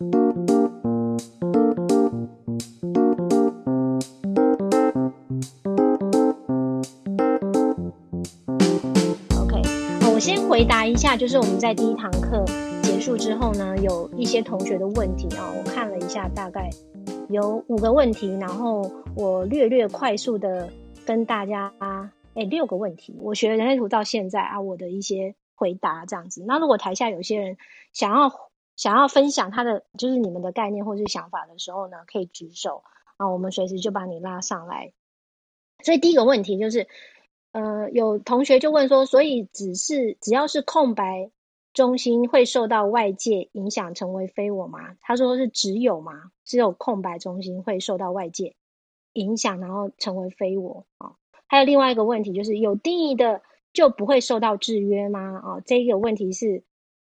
OK，哦，我先回答一下，就是我們在第一堂課結束之後呢，有一些同學的問題啊，哦，我看了一下，大概有五個問題，然後我略略快速的跟大家，哎，六個問題，我學人類圖到現在啊，我的一些回答這樣子。那如果台下有些人想要。想要分享他的就是你們的概念或是想法的時候呢，可以舉手啊，我們隨時就把你拉上來。所以第一個問題就是，呃，有同學就問說，所以只是只要是空白中心會受到外界影響成為非我嗎？他說是只有嗎？只有空白中心會受到外界影響，然後成為非我啊，哦。還有另外一個問題就是，有定義的就不會受到制約嗎？啊，哦，這個問題是。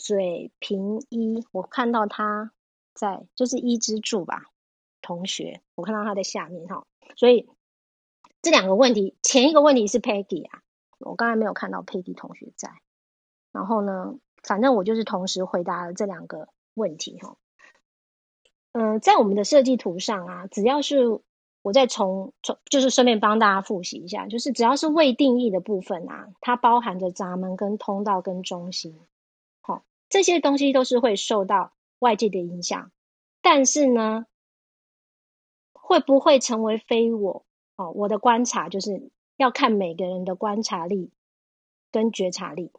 水平一，我看到他在，就是一支柱吧，同學，我看到他在下面哈，所以這兩個問題，前一個問題是 Peggy 啊，我剛才沒有看到 Peggy 同學在，然後呢，反正我就是同時回答了這兩個問題哈，嗯，在我們的設計圖上啊，只要是我再從從，就是順便幫大家複習一下，就是只要是未定義的部分啊，它包含着閘門、跟通道、跟中心。這些東西都是會受到外界的影響，但是呢，會不會成為非我？哦，我的觀察就是要看每個人的觀察力跟覺察力，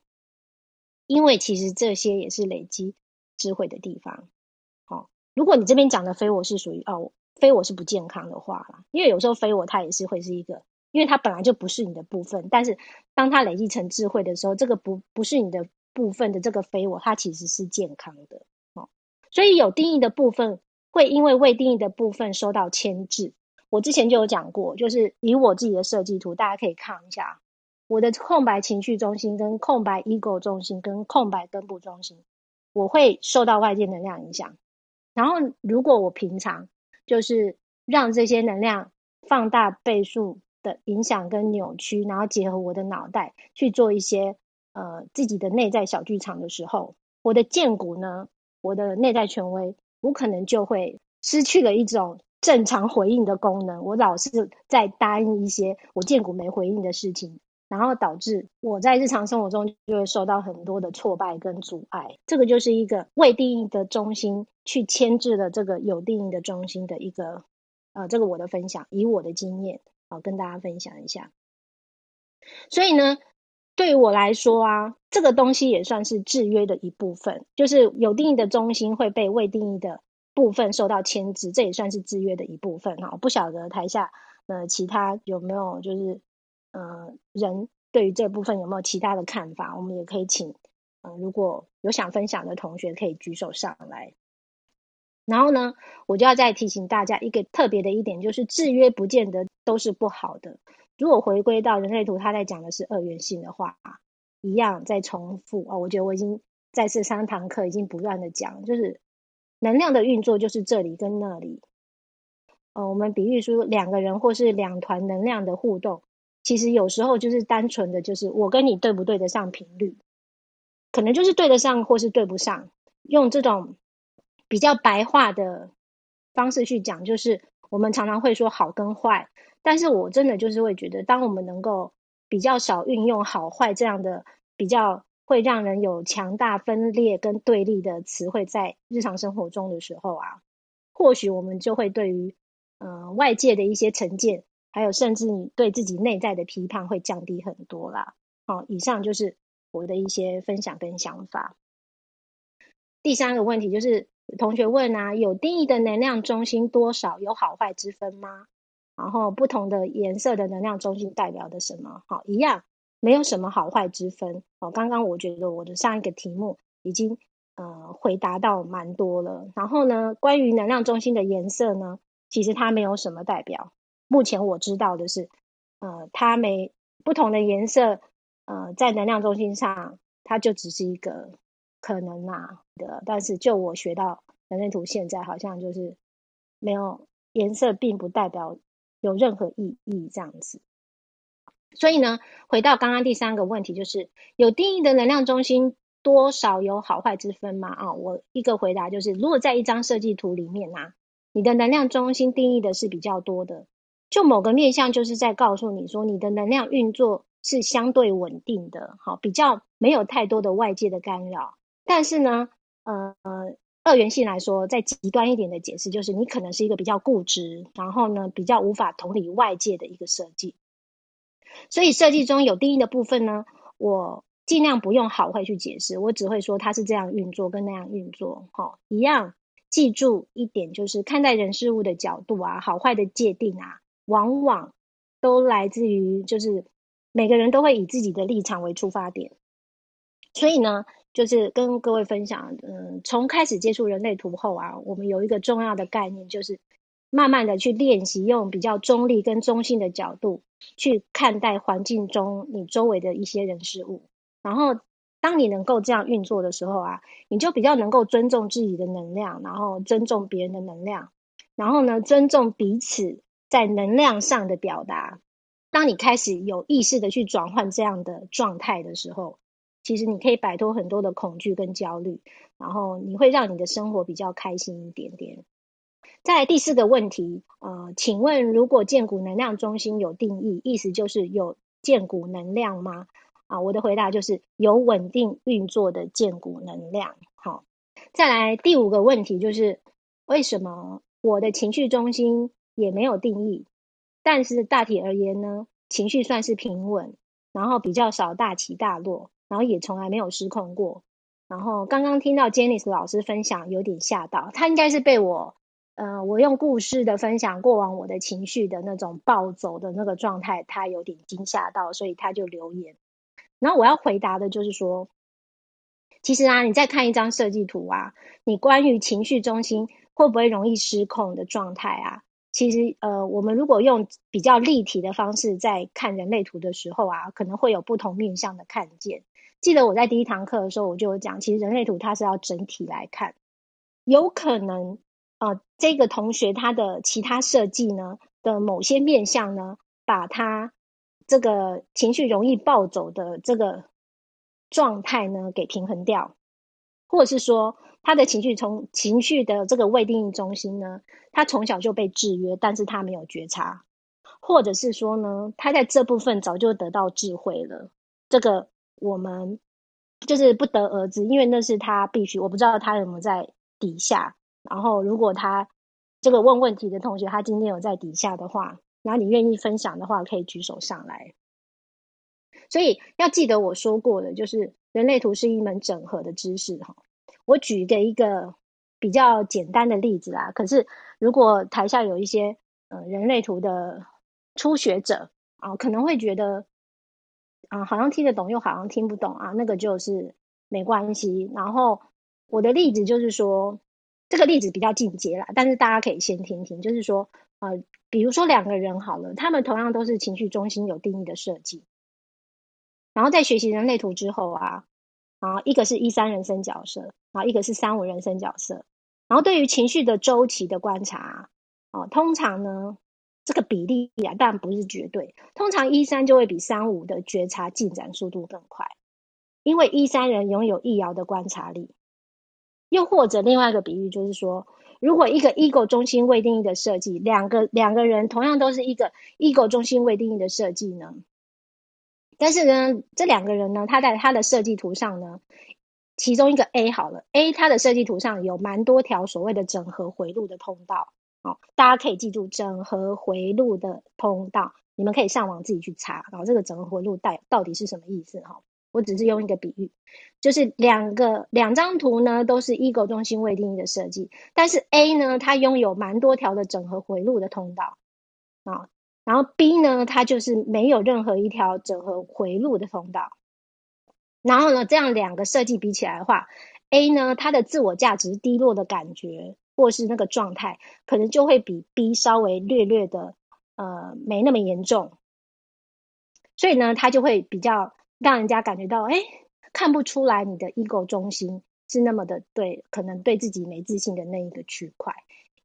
因為其實這些也是累積智慧的地方。哦，如果你這邊講的非我是屬於哦，非我是不健康的話啦，因為有時候非我它也是會是一個，因為它本來就不是你的部分，但是當它累積成智慧的時候，這個不不是你的。部分的這個非我，它其實是健康的哦，所以有定義的部分會因為未定義的部分受到牽制。我之前就有講過，就是以我自己的設計圖，大家可以看一下我的空白情緒中心、跟空白 ego 中心、跟空白根部中心，我會受到外界能量影響。然後如果我平常就是讓這些能量放大倍數的影響跟扭曲，然後結合我的腦袋去做一些。呃，自己的內在小劇場的時候，我的薦骨呢，我的內在權威，我可能就會失去了一種正常回應的功能。我老是在答應一些我薦骨沒回應的事情，然後導致我在日常生活中就會受到很多的挫敗跟阻礙。這個就是一個未定義的中心去牽制了這個有定義的中心的一個，呃，這個我的分享，以我的經驗，好、啊、跟大家分享一下。所以呢。對於我來說啊，這個東西也算是制約的一部分，就是有定義的中心會被未定義的部分受到牽制，這也算是制約的一部分哈。我不曉得台下呃其他有沒有就是呃人對於這部分有沒有其他的看法？我們也可以請呃如果有想分享的同學可以舉手上來。然後呢，我就要再提醒大家一個特別的一點，就是制約不見得都是不好的。如果回歸到人類圖，他在講的是二元性的話，啊、一樣在重複哦，我覺得我已經在這三堂課已經不斷的講，就是能量的運作就是這裡跟那裡。呃、哦，我們比喻說兩個人或是兩團能量的互動，其實有時候就是單純的就是我跟你對不對得上頻率，可能就是對得上或是對不上。用這種比較白話的方式去講，就是。我們常常會說好跟壞，但是我真的就是會覺得，當我們能夠比較少運用好壞這樣的比較會讓人有強大分裂跟對立的詞彙在日常生活中的時候啊，或許我們就會對於嗯、呃、外界的一些成見，還有甚至你對自己內在的批判會降低很多啦。好、哦，以上就是我的一些分享跟想法。第三個問題就是。同學問啊，有定義的能量中心多少有好壞之分嗎？然後不同的顏色的能量中心代表的什麼？好，一樣，沒有什麼好壞之分。好，剛剛我覺得我的上一個題目已經呃回答到蠻多了。然後呢，關於能量中心的顏色呢，其實它沒有什麼代表。目前我知道的是，呃，它沒不同的顏色，呃，在能量中心上，它就只是一個。可能啊的，但是就我學到能量圖，現在好像就是沒有顏色，並不代表有任何意義這樣子。所以呢，回到剛剛第三個問題，就是有定義的能量中心，多少有好壞之分嗎？啊、哦，我一個回答就是，如果在一張設計圖裡面啊，你的能量中心定義的是比較多的，就某個面向就是在告訴你說，你的能量運作是相對穩定的，好、哦，比較沒有太多的外界的干擾。但是呢，呃，二元性來說，再極端一點的解釋，就是你可能是一個比較固執，然後呢，比較無法同理外界的一個設計。所以設計中有定義的部分呢，我盡量不用好壞去解釋，我只會說它是這樣運作跟那樣運作。好，哦，一樣，記住一點就是看待人事物的角度啊，好壞的界定啊，往往都來自於就是每個人都會以自己的立場為出發點。所以呢。就是跟各位分享，嗯，從開始接觸人類圖後啊，我們有一個重要的概念，就是慢慢的去練習用比較中立跟中性的角度去看待環境中你周圍的一些人事物。然後，當你能夠這樣運作的時候啊，你就比較能夠尊重自己的能量，然後尊重別人的能量，然後呢，尊重彼此在能量上的表達。當你開始有意識的去轉換這樣的狀態的時候，其實你可以擺脫很多的恐懼跟焦慮，然後你會讓你的生活比較開心一點點。再來第四個問題，呃，請問如果薦骨能量中心有定義，意思就是有薦骨能量嗎？啊，我的回答就是有穩定運作的薦骨能量。好，再來第五個問題就是為什麼我的情緒中心也沒有定義，但是大體而言呢，情緒算是平穩，然後比較少大起大落。然後也從來沒有失控過。然後剛剛聽到 Janis 老師分享，有點嚇到。他應該是被我，呃，我用故事的分享過往我的情緒的那種暴走的那個狀態，他有點驚嚇到，所以他就留言。然後我要回答的就是說，其實啊，你在看一張設計圖啊，你關於情緒中心會不會容易失控的狀態啊？其實呃，我們如果用比較立體的方式在看人類圖的時候啊，可能會有不同面向的看見。記得我在第一堂課的時候，我就有講，其實人類圖它是要整體來看，有可能啊、呃，這個同學他的其他設計呢的某些面向呢，把他這個情緒容易暴走的這個狀態呢給平衡掉，或者是說他的情緒從情緒的這個未定義中心呢，他從小就被制約，但是他沒有覺察，或者是說呢，他在這部分早就得到智慧了，這個。我們就是不得而知，因為那是他必須，我不知道他有沒有在底下。然後，如果他這個問問題的同學，他今天有在底下的話，然後你願意分享的話，可以舉手上來。所以要記得我說過的，就是人類圖是一門整合的知識哈。我舉的一個比較簡單的例子啊，可是如果台下有一些呃人類圖的初學者啊，可能會覺得。啊，好像聽得懂，又好像聽不懂啊。那個就是沒關係。然後我的例子就是說，這個例子比較進階了，但是大家可以先聽聽，就是說，呃，比如說兩個人好了，他們同樣都是情緒中心有定義的設計，然後在學習人類圖之後啊，啊，一個是一三人生角色，啊，一個是三五人生角色，然後對於情緒的週期的觀察，啊，通常呢。這個比例啊，當然不是絕對。通常一三就會比三五的覺察進展速度更快，因為一三人擁有易遙的觀察力。又或者另外一個比喻就是說，如果一個 ego 中心未定義的設計，兩個兩個人同樣都是一個 ego 中心未定義的設計呢？但是呢，這兩個人呢，他在他的設計圖上呢，其中一個 A 好了，A 他的設計圖上有蠻多條所謂的整合回路的通道。好、哦，大家可以記住整合回路的通道，你們可以上網自己去查。然後這個整合回路到底是什麼意思？哈、哦，我只是用一個比喻，就是兩個兩張圖呢，都是 Ego 中心未定義的設計，但是 A 呢，它擁有蠻多條的整合回路的通道啊、哦，然後 B 呢，它就是沒有任何一條整合回路的通道。然後呢，這樣兩個設計比起來的話，A 呢，它的自我價值低落的感覺。或是那個狀態，可能就會比 B 稍微略略的呃沒那麼嚴重，所以呢，他就會比較讓人家感覺到，哎，看不出來你的 ego 中心是那麼的對，可能對自己沒自信的那一個區塊。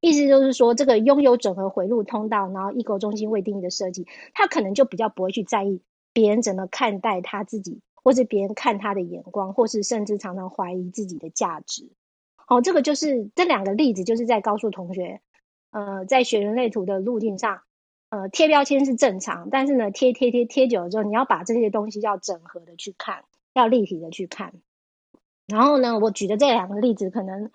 意思就是說，這個擁有整合迴路通道，然後 ego 中心未定義的設計，他可能就比較不會去在意別人怎麼看待他自己，或是別人看他的眼光，或是甚至常常懷疑自己的價值。好，這個就是這兩個例子，就是在告訴同學，呃，在學人類圖的路徑上，呃，貼標籤是正常，但是呢，貼貼貼貼久了之後，你要把這些東西要整合的去看，要立體的去看。然後呢，我舉的這兩個例子，可能，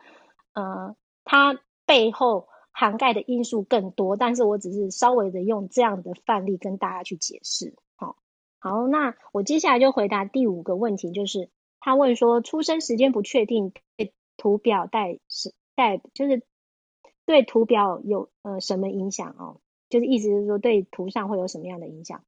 呃，它背後涵蓋的因素更多，但是我只是稍微的用這樣的範例跟大家去解釋。好、哦，好，那我接下來就回答第五個問題，就是他問說出生時間不確定。圖表帶是帶，就是對圖表有呃什麼影響哦？就是意思是說，對圖上會有什麼樣的影響？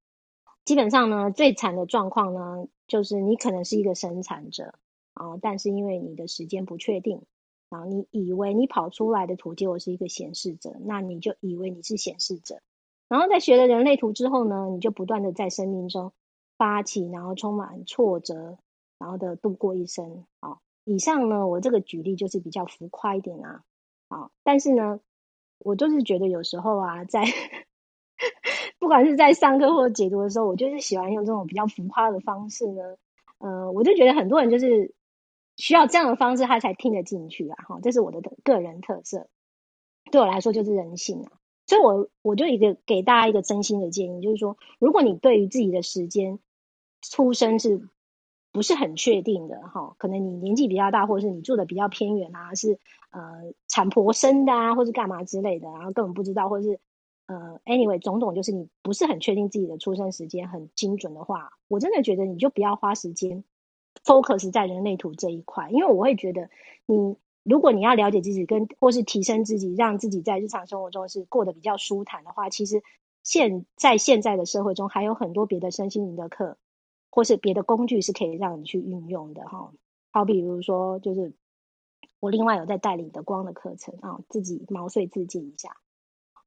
基本上呢，最慘的狀況呢，就是你可能是一個生產者啊、哦，但是因為你的時間不確定啊，然後你以為你跑出來的圖結果是一個顯示者，那你就以為你是顯示者。然後在學了人類圖之後呢，你就不斷的在生命中發起，然後充滿挫折，然後的度過一生啊。哦以上呢，我這個舉例就是比較浮誇一點啊，哦、但是呢，我就是覺得有時候啊，在， 不管是在上課或者解讀的時候，我就是喜歡用這種比較浮誇的方式呢，呃，我就覺得很多人就是需要這樣的方式，他才聽得進去啊，哈、哦，這是我的個人特色，對我來說就是人性啊，所以我，我我就一個給大家一個真心的建議，就是說，如果你對於自己的時間出生是不是很確定的哈，可能你年紀比較大，或者是你住的比較偏遠啊，是呃產婆生的啊，或是幹嘛之類的，然後根本不知道，或是呃 anyway 種種，就是你不是很確定自己的出生時間很精準的話，我真的覺得你就不要花時間 focus 在人類圖這一塊，因為我會覺得你如果你要了解自己跟或是提升自己，讓自己在日常生活中是過得比較舒坦的話，其實現在，在現在的社會中還有很多別的身心靈的課。或是別的工具是可以讓你去運用的哈、哦，好比如說就是我另外有在帶領的光的課程啊、哦，自己毛遂自薦一下，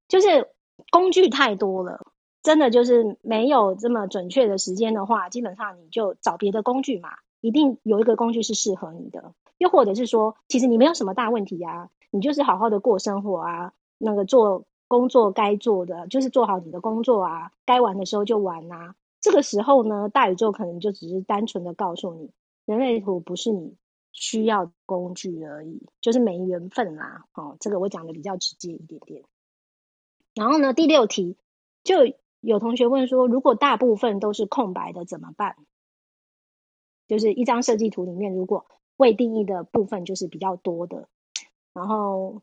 就是工具太多了，真的就是沒有這麼準確的時間的話，基本上你就找別的工具嘛，一定有一個工具是適合你的。又或者是說，其實你沒有什麼大問題啊，你就是好好的過生活啊，那個做工作該做的就是做好你的工作啊，該玩的時候就玩啊。這個時候呢，大宇宙可能就只是單純的告訴你，人類圖不是你需要工具而已，就是沒緣分啦、啊。哦，這個我講的比較直接一點點。然後呢，第六題就有同學問說，如果大部分都是空白的怎麼辦？就是一張設計圖裡面，如果未定義的部分就是比較多的，然後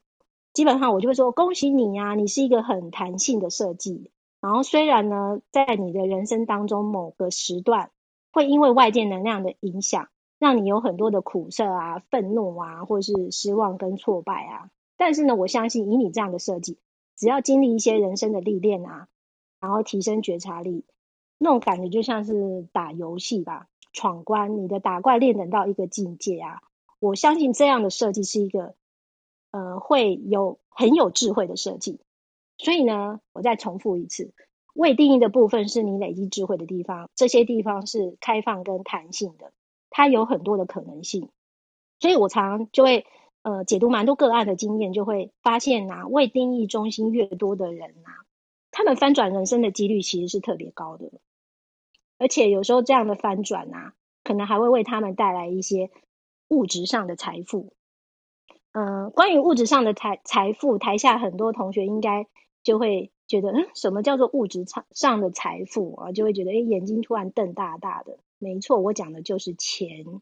基本上我就會說恭喜你呀、啊，你是一個很彈性的設計。然後，雖然呢，在你的人生當中某個時段，會因為外界能量的影響，讓你有很多的苦澀啊、憤怒啊，或是失望跟挫敗啊。但是呢，我相信以你這樣的設計，只要經歷一些人生的歷練啊，然後提升覺察力，那種感覺就像是打遊戲吧，闖關，你的打怪練等到一個境界啊。我相信這樣的設計是一個，呃，會有很有智慧的設計。所以呢，我再重複一次，未定義的部分是你累積智慧的地方，這些地方是開放跟彈性的，它有很多的可能性。所以我常常就會呃解讀蠻多個案的經驗，就會發現吶、啊，未定義中心越多的人吶、啊，他們翻轉人生的幾率其實是特別高的，而且有時候這樣的翻轉吶、啊，可能還會為他們帶來一些物質上的財富。嗯、呃，關於物質上的財財富，台下很多同學應該。就會覺得，嗯，什麼叫做物質上的財富啊？就會覺得，欸，眼睛突然瞪大大的。沒錯，我講的就是錢。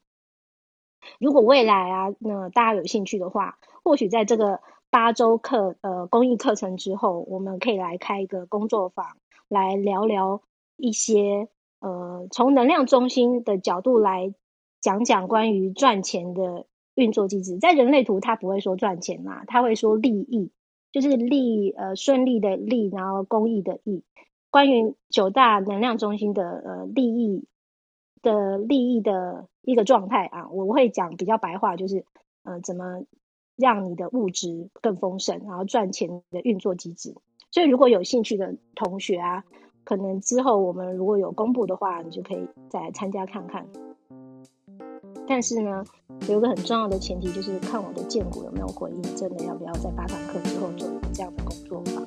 如果未來啊，那大家有興趣的話，或許在這個八周課呃公益課程之後，我們可以來開一個工作坊，來聊聊一些呃從能量中心的角度來講講關於賺錢的運作機制。在人類圖，他不會說賺錢嘛，他會說利益。就是利呃順利的利，然後公益的益，關於九大能量中心的呃利益的利益的一個狀態啊，我會講比較白話，就是嗯、呃、怎麼讓你的物質更豐盛，然後賺錢的運作機制。所以如果有興趣的同學啊，可能之後我們如果有公布的話，你就可以再來參加看看。但是呢，有一個很重要的前提，就是看我的薦骨有沒有回應，真的要不要在八堂課之後做這樣的工作坊？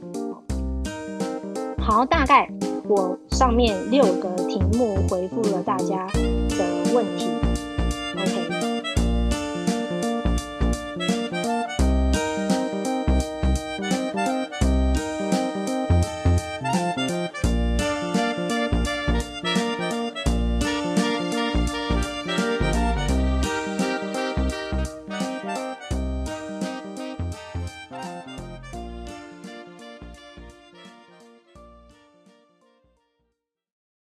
好，大概我上面六個題目回復了大家的問題。